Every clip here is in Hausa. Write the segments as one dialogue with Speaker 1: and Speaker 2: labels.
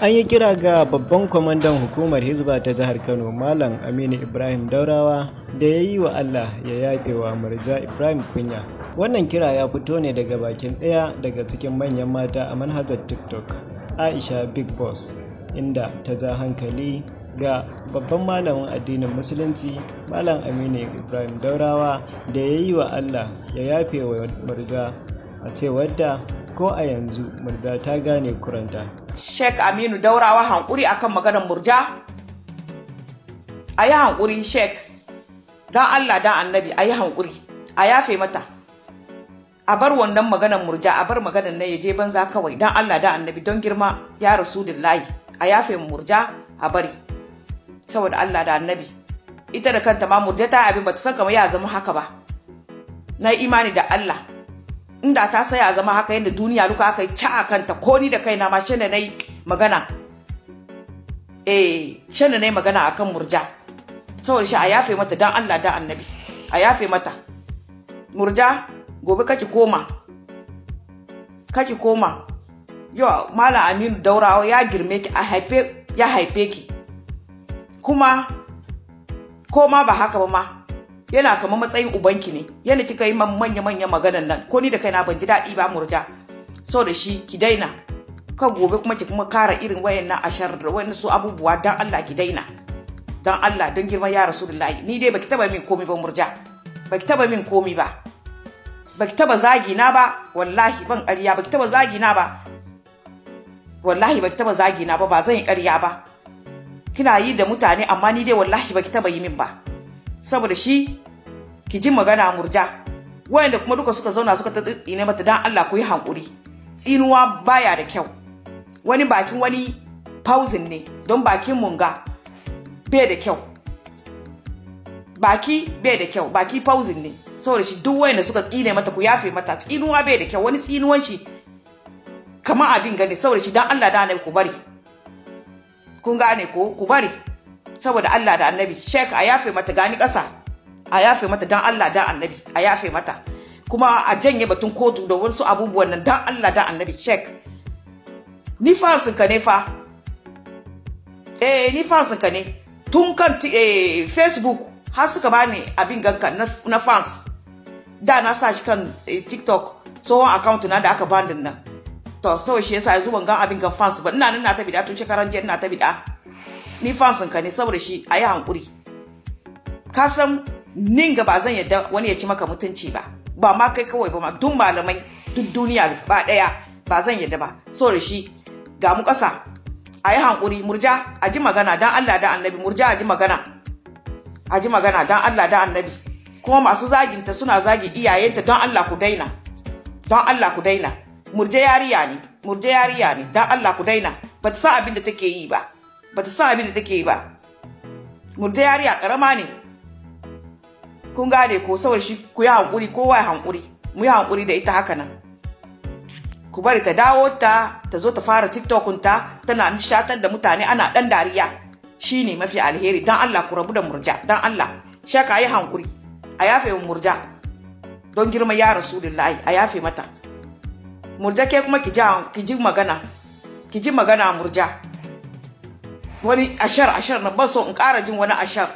Speaker 1: an yi kira ga babban kwamandan hukumar hizba ta jihar kano malam aminu ibrahim daurawa da ya yi wa allah ya yafe wa murja ibrahim kunya wannan kira ya fito ne daga bakin ɗaya daga cikin manyan mata a manhajar tiktok aisha big boss inda ta ja hankali ga babban malamin addinin musulunci malam aminu ibrahim daurawa da ya yi wa allah ya yafe wa murja a cewarta ko a yanzu murja ta gane kuranta Sheikh Aminu Daurawa hankuri akan maganar murja. A yi hankuri Sheikh, don Allah don annabi a yi hankuri, a yafe mata. A bar wannan maganar murja, a bar maganar na ya je banza kawai don Allah don annabi don girma ya rasu layi. A yafe murja a bari. Saboda Allah da annabi. Ita da kanta ma murja ta abin bata san kamar ya zama haka ba. Na imani da Allah. inda ta sai a zama haka yadda duniya duka aka yi ca a kanta ko ni da kaina ma shan da na yi magana eh shan da na yi magana akan murja saboda shi a yafe mata dan Allah da annabi a yafe mata murja gobe kake koma kake koma yau malam aminu daurawa ya girme ki a haife ya haife ki kuma ko ma ba haka ba ma yana kamar matsayin ubanki ne yana kika yi man manya manya maganan nan ko ni da kaina ban ji daɗi ba murja so da shi ki daina kan gobe kuma ki kuma kara irin wayannan ashar da wayannan su abubuwa dan Allah ki daina dan Allah dan girma ya rasulullahi ni dai baki taba min komai ba murja baki taba min komai ba baki taba zagi na ba wallahi ban ƙarya baki taba zagi na ba wallahi baki taba zagi na ba ba zan yi ƙarya ba kina yi da mutane amma ni dai wallahi baki taba yi min ba saboda shi ki ji magana murja wayanda kuma duka suka zauna suka ta tsitsine mata dan Allah ku yi hankuri tsinuwa baya da kyau wani bakin wani fauzin ne don bakin munga bai da kyau baki bai da kyau baki fauzin ne saboda shi duk wayanda suka tsine mata ku yafe mata tsinuwa bai da kyau wani tsinuwan shi kamar abin gane saboda shi dan Allah da ku bari kun gane ko ku bari saboda Allah da annabi sheik a yafe mata gani ƙasa a yafe mata dan Allah da annabi a yafe mata kuma a janye batun kotu da wasu abubuwan nan dan Allah da annabi sheik. ni fansin ka ne fa eh ni fansin ka ne tun kan eh, facebook har suka bani abin ganka na fans da na sa shi kan eh, tiktok tsohon account na da aka bandin nan to so shi yasa yanzu ban gan abin gan fans ba ina nan na ta bida tun shekaran jiya ina ta bida ni ka ne saboda shi a yi hankuri ka san ninga ba zan yadda wani ya ci maka mutunci ba ba ma kai kawai ba ma duk malamai duk duniya ba daya ba zan yadda ba saboda shi ga mu kasa a yi hankuri murja a ji magana dan Allah da annabi murja a ji magana a ji magana dan Allah da annabi kuma masu zaginta suna zagi iyayenta don Allah ku daina don Allah ku daina murje yariya ne murje yariya ne don Allah ku daina ba ta san abin da take yi ba ba ta san abin da take yi ba murta yariya karama ne kun gane ko saboda shi ku yi hankuri kowa ya hankuri mu yi hankuri da ita haka nan ku bari ta dawo ta ta zo ta fara tiktokin ta tana nishatar da mutane ana dan dariya Shi ne mafi alheri dan Allah ku rabu da murja dan Allah shaka yi hankuri a yafe murja don girma ya rasulullahi a yafe mata murja ke kuma ki ji magana ki ji magana murja wani ashar ashar na baso in ƙara jin wani ashar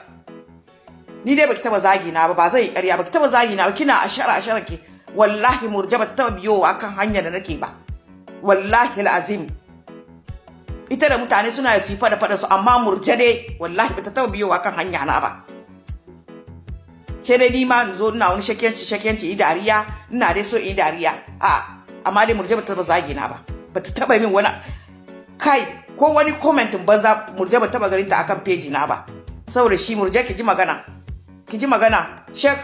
Speaker 1: ni dai baki taba zagi na ba ba zai ƙarya baki taba zagi na ba kina ashar ashar ke wallahi murja ba ta taba biyowa kan hanya da nake ba wallahi azim ita da mutane suna yi fada fada su amma murja dai wallahi ba ta taba biyowa kan hanya na ba sai dai ni ma in zo ina wani shakiyanci shakiyanci yi dariya ina dai so yi dariya a amma dai murja ba ta taba zagi na ba ba ta taba min wani kai ko wani ba banza murje ba taba ganin ta akan page na ba saboda shi murje ki ji magana ki ji magana shek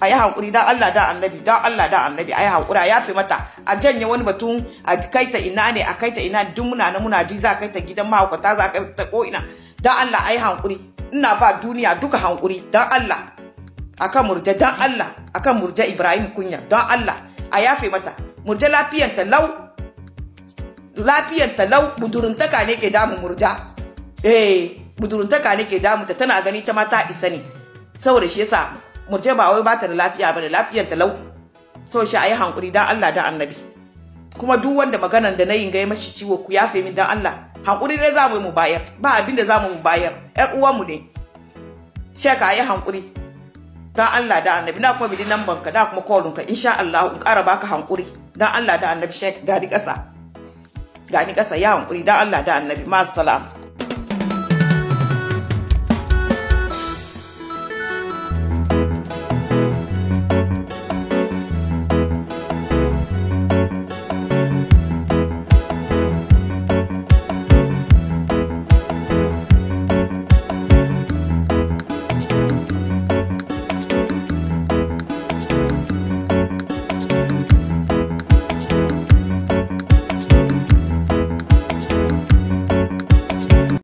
Speaker 1: a yi hankuri da Allah da annabi da Allah da annabi a yi hankuri a yafe mata a janye wani batun a kai ta ina ne a kai ta ina duk muna na muna ji za kai ta gidan mahaukata za kai ta ko ina da Allah a yi hankuri ina ba duniya duka hankuri dan Allah akan murje dan Allah akan murje Ibrahim kunya dan Allah a yafe mata murje lafiyanta lau lafiyar talau buduruntaka ne ke damu murja eh buduruntaka ne ke damu ta tana gani ta ma ta isa ne saboda shi yasa murja ba wai bata da lafiya bane lafiyar talau to shi ayi hankuri dan Allah da annabi kuma duk wanda maganan da nayin gai mashi ciwo ku yafe min dan Allah hankuri ne za mu yi mu bayar ba abin da za mu mu bayar ƴan mu ne ka ayi hankuri dan Allah da annabi na kuma din nan banka da kuma kolin ka insha Allah in ƙara baka hankuri dan Allah da annabi shek gari ƙasa gani kasa ya hankuri dan Allah da annabi masu salam